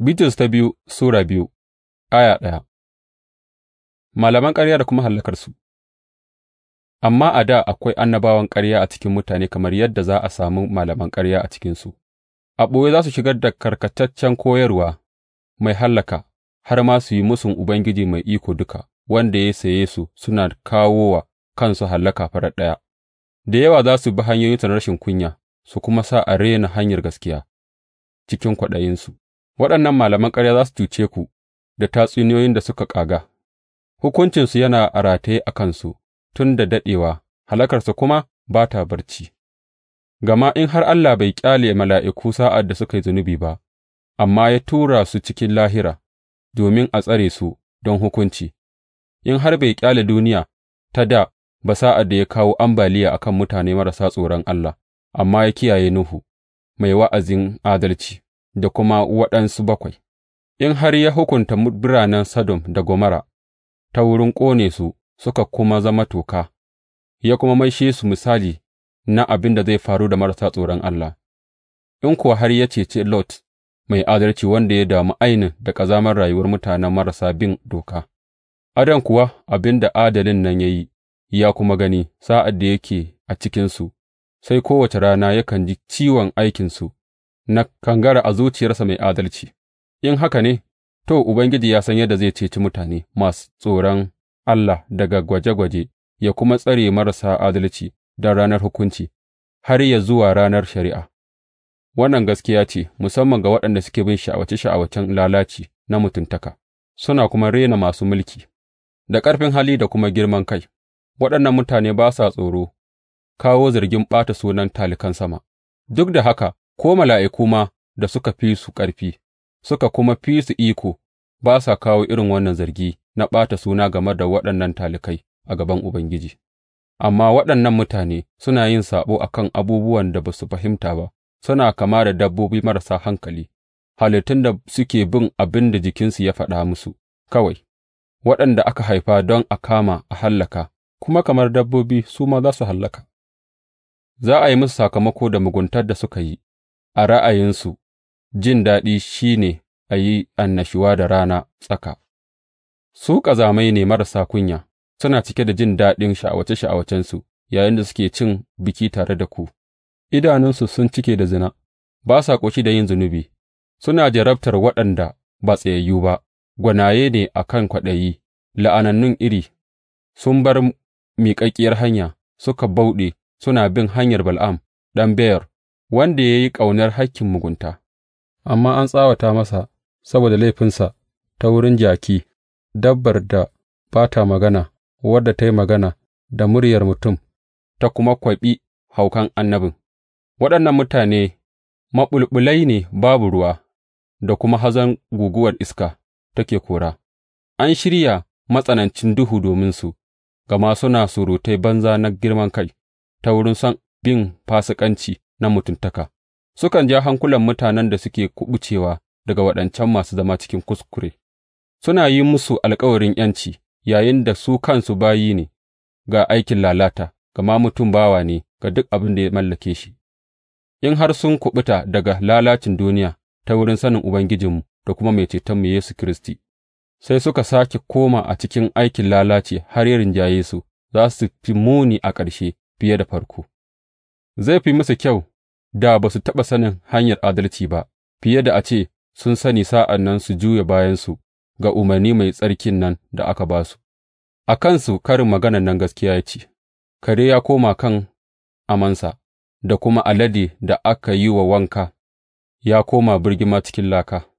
Bitrus ta biyu Sura biyu aya ɗaya Malaman ƙarya da kuma hallakarsu Amma a da akwai annabawan ƙarya a cikin mutane kamar yadda za a samu malaman ƙarya a cikinsu, a ɓoye za su shigar da karkataccen koyarwa mai hallaka har ma su yi musun Ubangiji mai iko duka wanda ya saye su suna kawo wa kansu hallaka farar ɗaya. Da yawa za su bi hanyoyin rashin kunya su kuma sa a rena hanyar gaskiya cikin kwaɗayinsu. Waɗannan malaman ƙarya za su cuce ku da tatsuniyoyin da suka ƙaga; hukuncinsu yana a rataye a kansu tun da daɗewa, halakarsa kuma ba ta barci, gama in har Allah bai ƙyale mala'iku sa'ad da suka yi zunubi ba, amma ya tura su cikin lahira domin a tsare su don hukunci, in har bai ƙyale duniya ta da ba sa'ad da ya kawo ambaliya a kan mutane marasa tsoron Allah, amma ya kiyaye Nuhu, mai wa'azin adalci. da kuma waɗansu bakwai, in har ya hukunta biranen Sodom da Gomara ta wurin ƙone su suka kuma zama toka, ya kuma maishe su misali na abin da zai faru da marasa tsoron Allah, in kuwa har ya cece Lot mai adalci wanda ya damu ainin da ƙazamar rayuwar mutanen marasa bin doka, Adon kuwa abin da adalin nan ya yi, ya kuma gani sa'ad da yake a cikinsu, sai kowace rana yakan ji ciwon aikinsu. na kangara a zuciyarsa mai adalci, in haka ne, to, Ubangiji ya san yadda zai ceci mutane masu tsoron Allah daga gwaje-gwaje ya kuma tsare marasa adalci da ranar hukunci har ya zuwa ranar shari'a. Wannan gaskiya ce musamman ga waɗanda suke bin sha'awace-sha'awacen lalaci na mutuntaka, suna kuma rena masu mulki, da ƙarfin hali da kuma girman kai, waɗannan mutane ba sa tsoro kawo zargin ɓata sunan talikan sama, duk da haka ko mala'iku ma da suka fi su ƙarfi, suka kuma fi su iko, ba sa kawo irin wannan zargi na ɓata suna game da waɗannan talikai a gaban Ubangiji, amma waɗannan mutane suna yin saɓo a kan abubuwan da ba su fahimta ba, suna kama da dabbobi marasa hankali, halittun da suke bin abin da jikinsu ya faɗa musu kawai, waɗanda aka haifa don a kama a hallaka, kuma kamar dabbobi su ma za su hallaka. Za a yi musu sakamako da muguntar da suka yi, a ra'ayinsu, jin daɗi shi ne a yi annashuwa da rana tsaka, su ƙazamai ne marasa kunya, suna cike da jin daɗin sha'awace-sha'awacensu da suke cin biki tare da ku, idanunsu sun cike da zina, ba sa ƙoshi da yin zunubi, suna jarabtar waɗanda ba tsayayyu ba, gwanaye ne a kan kwaɗayi, la'anannun iri, sun bar miƙaƙƙiyar hanya, suka bauɗe suna bin hanyar bal'am. ɗan Beyor wanda ya yi ƙaunar hakkin mugunta, amma an tsawata masa saboda laifinsa ta wurin jaki, dabbar da ba ta magana, wadda ta yi magana da muryar mutum, ta kuma kwaɓi haukan annabin. Waɗannan mutane maɓulɓulai ne babu ruwa da kuma hazan guguwar iska take kora, an shirya matsanancin duhu dominsu, gama suna surutai banza na girman kai ta wurin son bin fasikanci na mutuntaka, sukan ja hankulan mutanen da suke kuɓucewa daga waɗancan masu zama cikin kuskure, suna yi musu alkawarin ’yanci da su kansu bayi ne ga aikin lalata, gama mutum bawa ne ga duk abin da ya mallake shi, in har sun kuɓuta daga lalacin duniya ta wurin sanin Ubangijinmu da kuma Mai Cetonmu Yesu Kiristi, sai suka sake koma a cikin aikin lalaci har ya rinjaye su, za su fi muni a ƙarshe fiye da farko. Zai fi musu kyau da ba su taɓa sanin hanyar adalci ba, fiye da a ce sun sani sa'an nan su juya bayansu ga umarni mai tsarkin nan da aka ba su. A kansu karin maganan nan gaskiya ya ce, Kare ya koma kan amansa, da kuma alade da aka yi wa wanka, ya koma birgima cikin laka.